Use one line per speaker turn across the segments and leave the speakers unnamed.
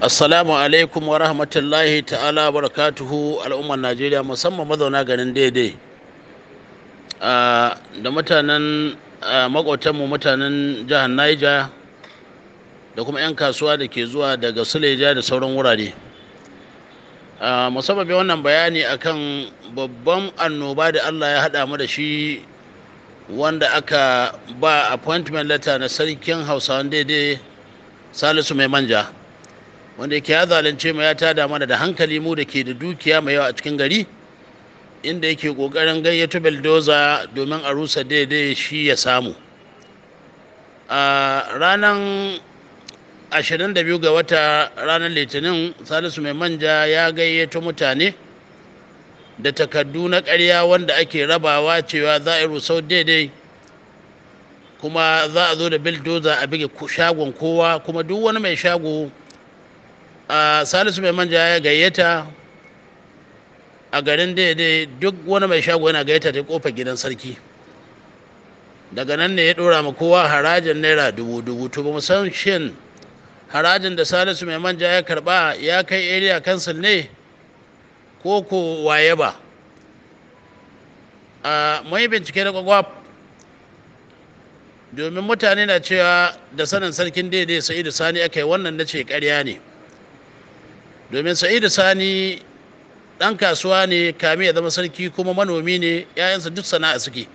assalamu alaikum wa rahmatullahi ta'ala barakatuhu al'ummar najeriya musamman mazauna garin daidai da mutanen makwautanmu mutanen jihar niger da kuma 'yan kasuwa da ke zuwa daga suleja da sauran wurare musamman wannan bayani akan babban annoba da allah ya haɗa mu da shi wanda aka ba appointment letter na sarkin hausawan daidai salisu mai manja wanda yake ya zalunce mu ya tada mana da hankali mu da ke da dukiya mai yawa a cikin gari inda yake kokarin gayyato beldoza domin a rusa daidai shi ya samu a ranar 22 ga wata ranar litinin salisu mai manja ya gayyato mutane da takardu na ƙarya wanda ake rabawa cewa za a rusa daidai kuma za a zo da bildoza a bige shagon kowa kuma duk wani mai shago salisu mai manja ya gayyata a garin daidai duk wani mai shago yana gayyata ta kofar gidan sarki daga nan ne ya dora ma kowa harajin naira dubu dubu to ba san shin harajin da salisu mai manja ya karba ya kai area council ne ko ko waye ba a mai bincike da kwakwa domin mutane na cewa da sanin sarkin daidai sa'idu sani aka wannan na ce karya ne domin sa'idu sani ɗan kasuwa ne kame ya zama sarki kuma manomi ne 'ya'yansa duk sana'a suke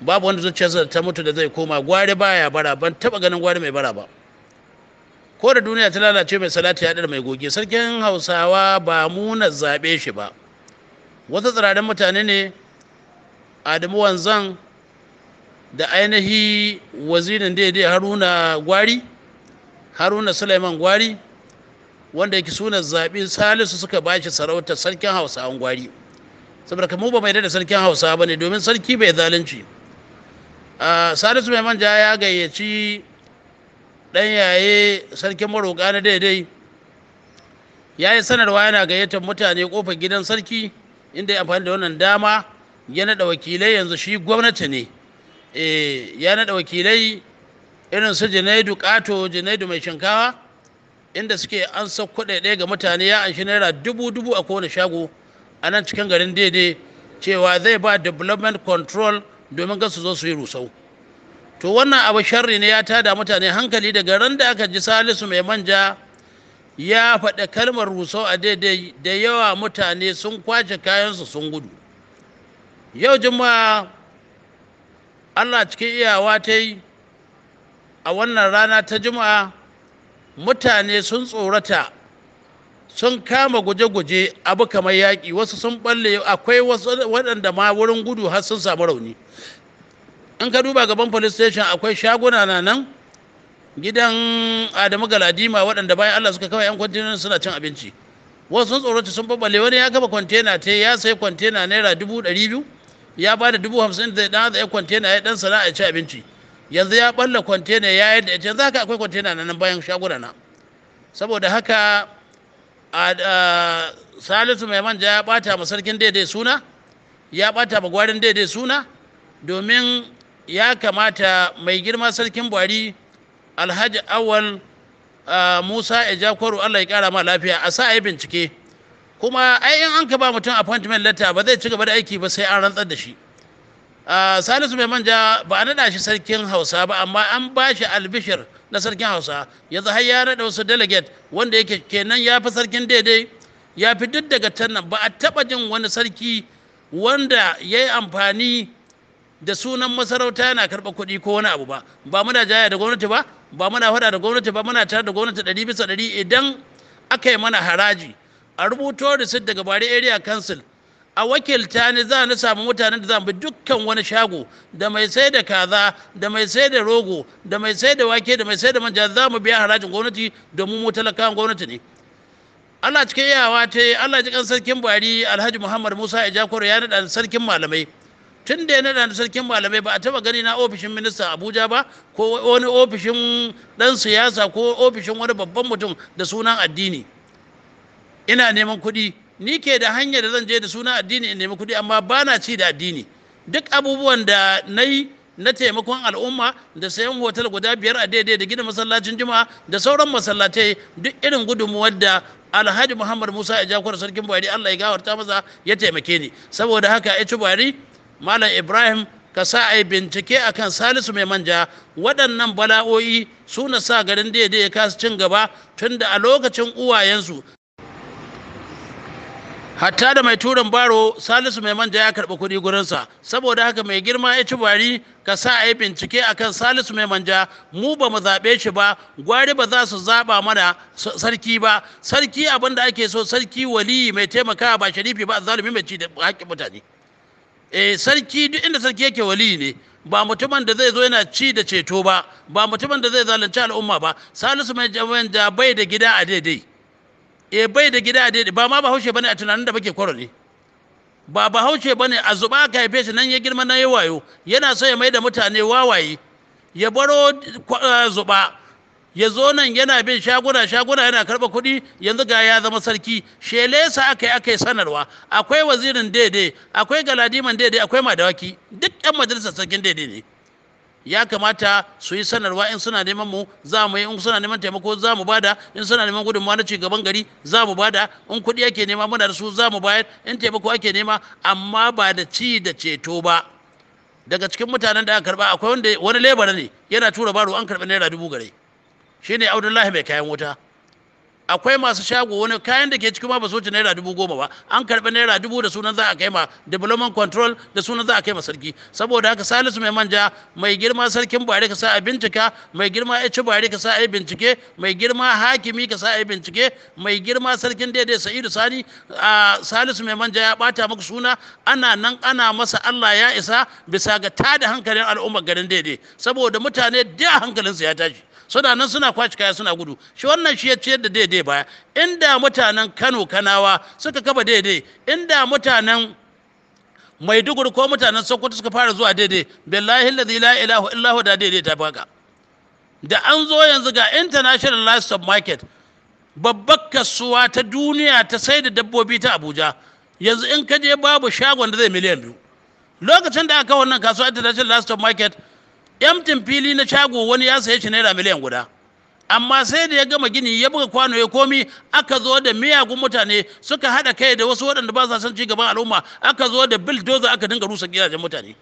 babu wanda zuciyarsa ta mutu da zai koma gwari baya bara ban taba ganin gwari mai bara ba ko da duniya ta lalace mai salati ya mai goge sarkin hausawa ba muna zaɓe shi ba wasu tsirarin mutane ne adamu wanzan da ainihi wazirin daidai haruna gwari haruna suleiman gwari wanda yake sunan zaɓi salisu suka ba shi sarautar sarkin an gwari saboda kamu ba mai da sarkin hausa ba ne domin sarki bai zalunci salisu mai manja ya gayyaci ɗan yaye sarkin maroƙa na daidai ya yi sanarwa yana gayyatar mutane ƙofar gidan sarki inda ya amfani da wannan dama ya naɗa wakilai yanzu shi gwamnati ne eh, ya naɗa wakilai irin su janaidu ƙato janaidu mai shinkawa inda suke an sauko ɗaya ga mutane ya anshi naira dubu dubu a kowane shago a nan cikin garin daidai cewa zai ba development control domin ga su zo su yi rusau to wannan abu sharri ne ya tada mutane hankali daga ran da aka ji salisu mai manja ya faɗa kalmar rusau a daidai da yawa mutane sun kwace kayansu sun gudu yau juma'a allah cikin iyawa ta yi a wannan rana ta jima'a. mutane sun tsorata sun kama guje-guje abu kamar yaƙi wasu sun balle akwai waɗanda ma wurin gudu har sun samu rauni in ka duba gaban police station akwai shaguna na nan gidan adamu galadima waɗanda bayan allah suka kawai 'yan kwantenonin suna cin abinci wasu sun tsorata sun babbale wani ya kafa kwantena ta ya sai kwantena naira dubu ɗari biyu ya ba da dubu hamsin da ɗan kwantena ya ɗan sana'a ya ci abinci yanzu ya balla kwantena ya yadda yanzu za ka akwai kwantena nan bayan shaguna na saboda haka salisu mai manja ya bata ma sarkin daidai suna ya bata ma gwarin daidai suna domin ya kamata mai girma sarkin buhari alhaji awal musa ejakwaru allah ya kara ma lafiya a sa bincike kuma ai in an ka ba mutum appointment letter ba zai ci gaba da aiki ba sai an rantsar da shi salisu mai manja ba a naɗa shi sarkin hausa ba amma an ba shi albishir na sarkin hausa yanzu har ya naɗa wasu delegate wanda yake kenan ya fi sarkin daidai ya fi duk daga tannan ba a taɓa jin wani sarki wanda ya yi amfani da sunan masarauta yana karɓar kuɗi ko wani abu ba ba muna jaya da gwamnati ba ba muna faɗa da gwamnati ba muna tare da gwamnati ɗari bisa ɗari idan aka yi mana haraji a rubuto risit daga bari area council a wakilta ne za ni samu mutanen da za bi dukkan wani shago da mai sai da kaza da mai sai da rogo da mai sai da wake da mai sai da manja za mu biya harajin gwamnati domin mu talakawan gwamnati ne Allah cikin yawa ta Allah ji sarkin Buhari Alhaji Muhammad Musa Ejakoro ya naɗa sarkin malamai tun da ya naɗa sarkin malamai ba a taɓa gani na ofishin minista Abuja ba ko wani ofishin ɗan siyasa ko ofishin wani babban mutum da sunan addini ina neman kuɗi ni ke da hanyar da zan je da suna addini in nemi kuɗi amma ba na ci da addini duk abubuwan da na yi na taimakon al'umma da sayan hotel guda biyar a daidai da gina masallacin juma'a da sauran masallatai duk irin gudunmuwar da alhaji muhammad musa ya jakwar sarkin buhari allah ya gawarta maza ya taimake ni saboda haka ya ci buhari malam ibrahim ka sa a yi bincike a kan salisu mai manja waɗannan bala'o'i su na sa garin daidai ya kasa cin gaba tun da a lokacin uwayensu hatta da mai turin baro salisu mai manja ya karɓi kuɗi gurinsa saboda haka mai girma ya ci bari ka sa a yi bincike akan salisu mai manja mu ba mu zaɓe shi ba gwari ba za su zaɓa mana sarki ba sarki abin da ake so sarki waliyi mai taimakawa ba sharifi ba zalumi mai ci da haƙƙin mutane eh sarki duk inda sarki yake waliyi ne ba mutumin da zai zo yana ci da ceto ba ba mutumin da zai zalunci al'umma ba salisu mai manja bai da gida a daidai e bai da gida a daidai ba ma bahaushe bane a tunanin da bake kwarare ba bahaushe bane a zuba ka haife shi nan ya girma nan ya wayo yana so ya mai da mutane wawaye ya baro eh, zuba ya zo nan yana bin shaguna shaguna yana karba kuɗi yanzu ga ya zama sarki shelesa aka yi aka yi sanarwa akwai wazirin daidai akwai galadiman daidai akwai madawaki duk yan majalisar sarkin daidai ne ya kamata su yi sanarwa in suna neman mu za mu yi in suna neman taimako za mu bada in suna neman gudunmawa na cigaban gari za mu bada in kuɗi ake nema muna da su za mu bayar in taimako ake nema amma ba da ci da ceto ba daga cikin mutanen da aka karba akwai wanda wani lebara ne yana tura baro an karɓi naira dubu gare shine Abdullahi mai kayan wuta akwai masu shago wani kayan da ke ciki ma ba su wuce naira dubu goma ba an karɓi naira dubu da sunan za a kai ma development control da sunan za a kai ma sarki saboda haka salisu mai manja mai girma sarkin bari ka sa a bincika mai girma ya ci bari ka sa a bincike mai girma hakimi ka sa a bincike mai girma sarkin daidai sa'idu sani a salisu mai manja ya bata maka suna ana nan ana masa allah ya isa bisa ga tada hankalin al'ummar garin daidai saboda mutane da hankalinsu ya tashi suna nan suna kwaci kaya suna gudu shi wannan shi ya ciyar da daidai baya inda mutanen kano kanawa suka kafa daidai inda mutanen maiduguri ko mutanen sokoto suka fara zuwa daidai billahi la ilaha illa da daidai ta baka da an zo yanzu ga international livestock market babbar kasuwa ta duniya ta sai da dabbobi ta abuja yanzu in ka je babu shagon da zai miliyan biyu lokacin da aka wannan kasuwa international livestock market yamtin fili na shago wani ya saye shi naira miliyan guda amma sai da ya gama gini ya buga kwano ya komi aka zo da miyagun mutane suka haɗa kai da wasu waɗanda ba sa son ci gaban al'umma aka zo da bildoza aka dinga rusa gidajen mutane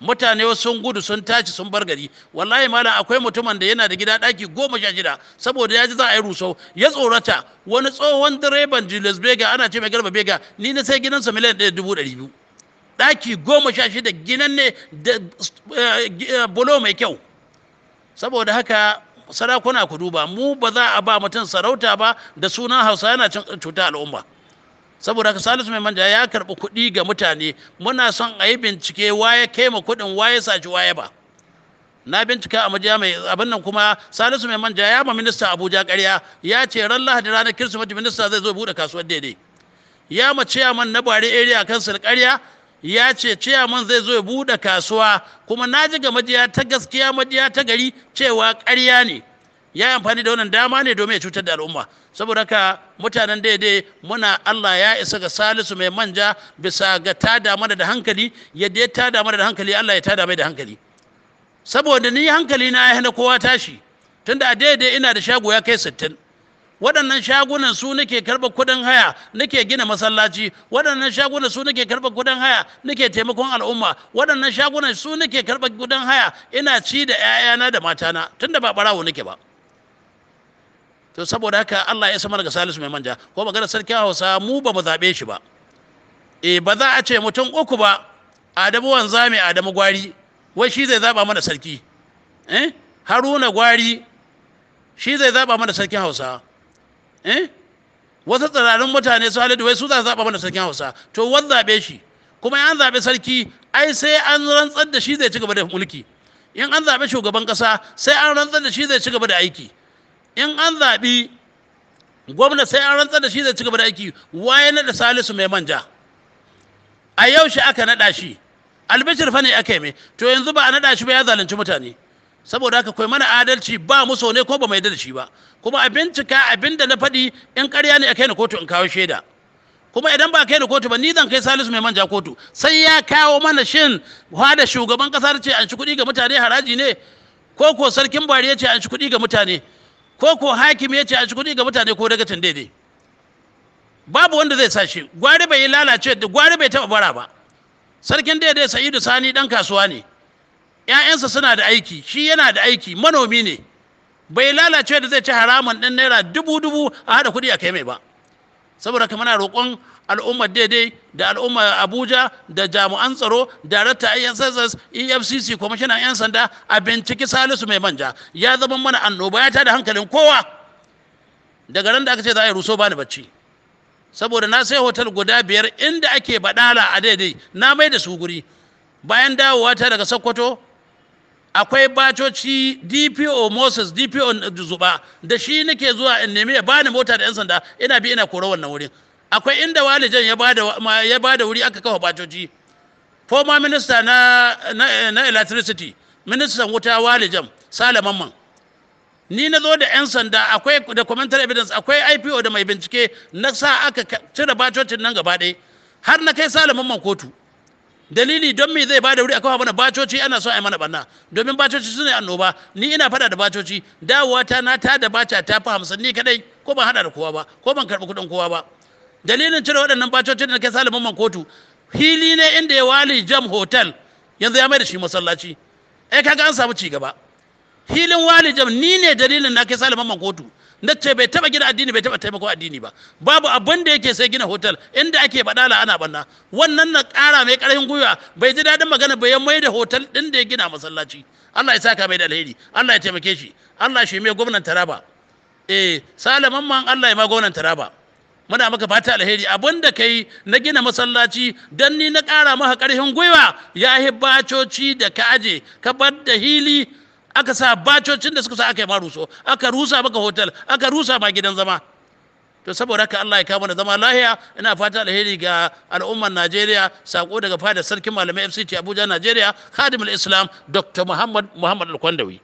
mutane wasu sun gudu sun tashi sun bar gari wallahi malam akwai mutumin da yana da gida ɗaki goma sha shida saboda ya ji za a yi rusau ya tsorata wani tsohon direban jules bega ana ce mai garba bega ni na sai gidansa miliyan ɗaya dubu ɗari biyu ɗaki goma sha shida ginan ne da eh, eh, bulo mai kyau saboda haka sarakuna ku duba mu ba za a ba mutum sarauta ba da sunan hausa yana cuta al'umma saboda haka salisu mai manja ya karɓi kuɗi ga mutane muna son a yi bincike waye kai ma kuɗin waye saci waye ba na bincika a majiya mai abin nan kuma salisu mai manja ya ma minista abuja Karya ya ce ran lahadi ranar kirsimeti minista zai zo buɗe kasuwar daidai ya ma ciyaman na bari area kansil Karya. ya ce ciyaman zai zo ya buɗe kasuwa kuma na ji ga majiya ta gaskiya majiya ta gari cewa ƙarya ne ya yi amfani da wannan dama ne domin ya cutar da al'umma saboda haka mutanen daidai muna Allah ya isa ga salisu mai manja bisa ga ta dama da hankali yadda ya ta dama da hankali Allah ya ta dama da hankali saboda ni hankali na ya hana kowa tashi tunda a daidai ina da shago ya kai sittin waɗannan shagunan su nake karɓar kuɗin haya nake gina masallaci waɗannan shagunan su nake karɓar kuɗin haya nake taimakon al'umma waɗannan shagunan su nake karɓar kuɗin haya ina ci da 'ya'yana da matana tunda ba ɓarawo nake ba to saboda haka Allah ya samar ga Salisu mai manja ko magana sarki Hausa mu ba mu zabe shi ba eh ba za a ce mutum uku ba Adamu wanzame Adamu gwari wai shi zai zaba mana sarki eh Haruna gwari shi zai zaba mana sarkin Hausa Eh? wasu tsirarin mutane su halittu wai su za su zaɓa mana sarkin hausa to wani zaɓe shi kuma an zaɓe sarki ai sai an rantsar da shi zai ci gaba da mulki in an zaɓe shugaban ƙasa sai an rantsar da shi zai ci gaba da aiki in an zaɓi gwamna sai an rantsar da shi zai ci gaba da aiki waye da salisu mai manja a yau shi aka naɗa shi albishir fa ne aka yi mai to yanzu ba a naɗa shi ba ya zalunci mutane saboda haka kai mana adalci ba mu so ne ko ba mai da shi ba kuma a bincika abin da na faɗi in ƙarya ne a kai ni kotu in kawo shaida kuma idan ba kai ni kotu ba ni zan kai Salisu mai manja kotu sai ya kawo mana shin da shugaban kasa ce an ci kuɗi ga mutane haraji ne ko ko sarkin bari ya ce an ci kuɗi ga mutane ko ko hakimi ya ce an ci kuɗi ga mutane ko dagacin daidai babu wanda zai sashi gwari bai lalace da gwari bai taɓa bara ba sarkin daidai sa'idu sani ɗan kasuwa ne 'ya'yansa suna da aiki shi yana da aiki manomi ne bai lalace da zai ci haramun ɗin naira dubu dubu a haɗa kuɗi a kai mai ba saboda kamar na roƙon al'ummar daidai da al'ummar abuja da jami'an tsaro da darakta sss efcc kwamishinan 'yan sanda a binciki salisu mai manja ya zama mana annoba ya da hankalin kowa daga ran da aka ce za a yi ruso ba ni bacci saboda na sai hotel guda biyar inda ake baɗala a daidai na mai da su guri bayan dawowa ta daga sokoto akwai bacoci dpo moses dpo zuba da shi nake zuwa in nemi ya bani mota da yan sanda ina bi ina kora wannan wurin akwai inda walijan ya bada ya wuri aka kafa bacoci former minister na na, na electricity ministan wuta walijan salamanman ni na zo da 'yan sanda akwai documental evidence akwai ipo da mai bincike na sa aka cire bacocin nan gaba ɗaya har na kai salamanman kotu dalili don me zai bada wuri a kawo mana bacoci ana so a yi mana banna domin bacoci suna yi annoba ni ina fada da bacoci dawowa ta na ta da baca ta fi hamsin ni kadai ko ban hada da kowa ba ko ban karɓi kuɗin kowa ba dalilin cire waɗannan bacocin da kai sa man kotu hili ne inda ya wali jam hotel yanzu ya mai da shi masallaci ai eh, kaga an samu ci gaba hilin wali jam ni ne dalilin na kai sa man kotu na ce bai taba gina addini bai taba taimako addini ba babu abin da yake sai gina hotel inda ake badala ana banna wannan na ƙara mai ƙarfin gwiwa bai ji daɗin magana bai mai da hotel ɗin da ya gina masallaci Allah ya saka mai da alheri Allah ya taimake shi Allah shi mai gwamnan Taraba eh salaman man Allah ya ma gwamnan Taraba muna maka fata alheri abin da kai na gina masallaci dan ni na kara maka karfin gwiwa ya yi bacoci da ka aje ka bar da hili aka sa bacocin da suka sa aka yi ma ruso aka rusa maka hotel aka rusa ma gidan zama to saboda haka Allah ya kama da zama lahiya ina fata alheri ga al'ummar Najeriya sako daga fada sarkin malamai FCT Abuja Najeriya khadimul Islam Dr. Muhammad Muhammad Al-Kwandawi